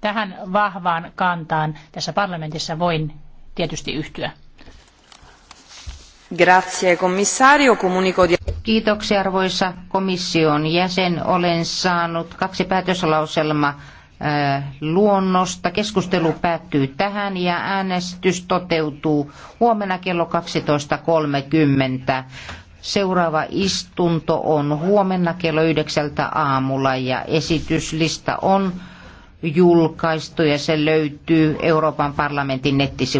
Tähän vahvaan kantaan tässä parlamentissa voin tietysti yhtyä. Grazie, komissario. Comunico di... Kiitoksia arvoisa komission jäsen. Olen saanut kaksi päätöslauselma äh, luonnosta. Keskustelu päättyy tähän ja äänestys toteutuu huomenna kello 12.30. Seuraava istunto on huomenna kello yhdeksältä aamulla ja esityslista on julkaistu ja se löytyy Euroopan parlamentin nettisivuilta.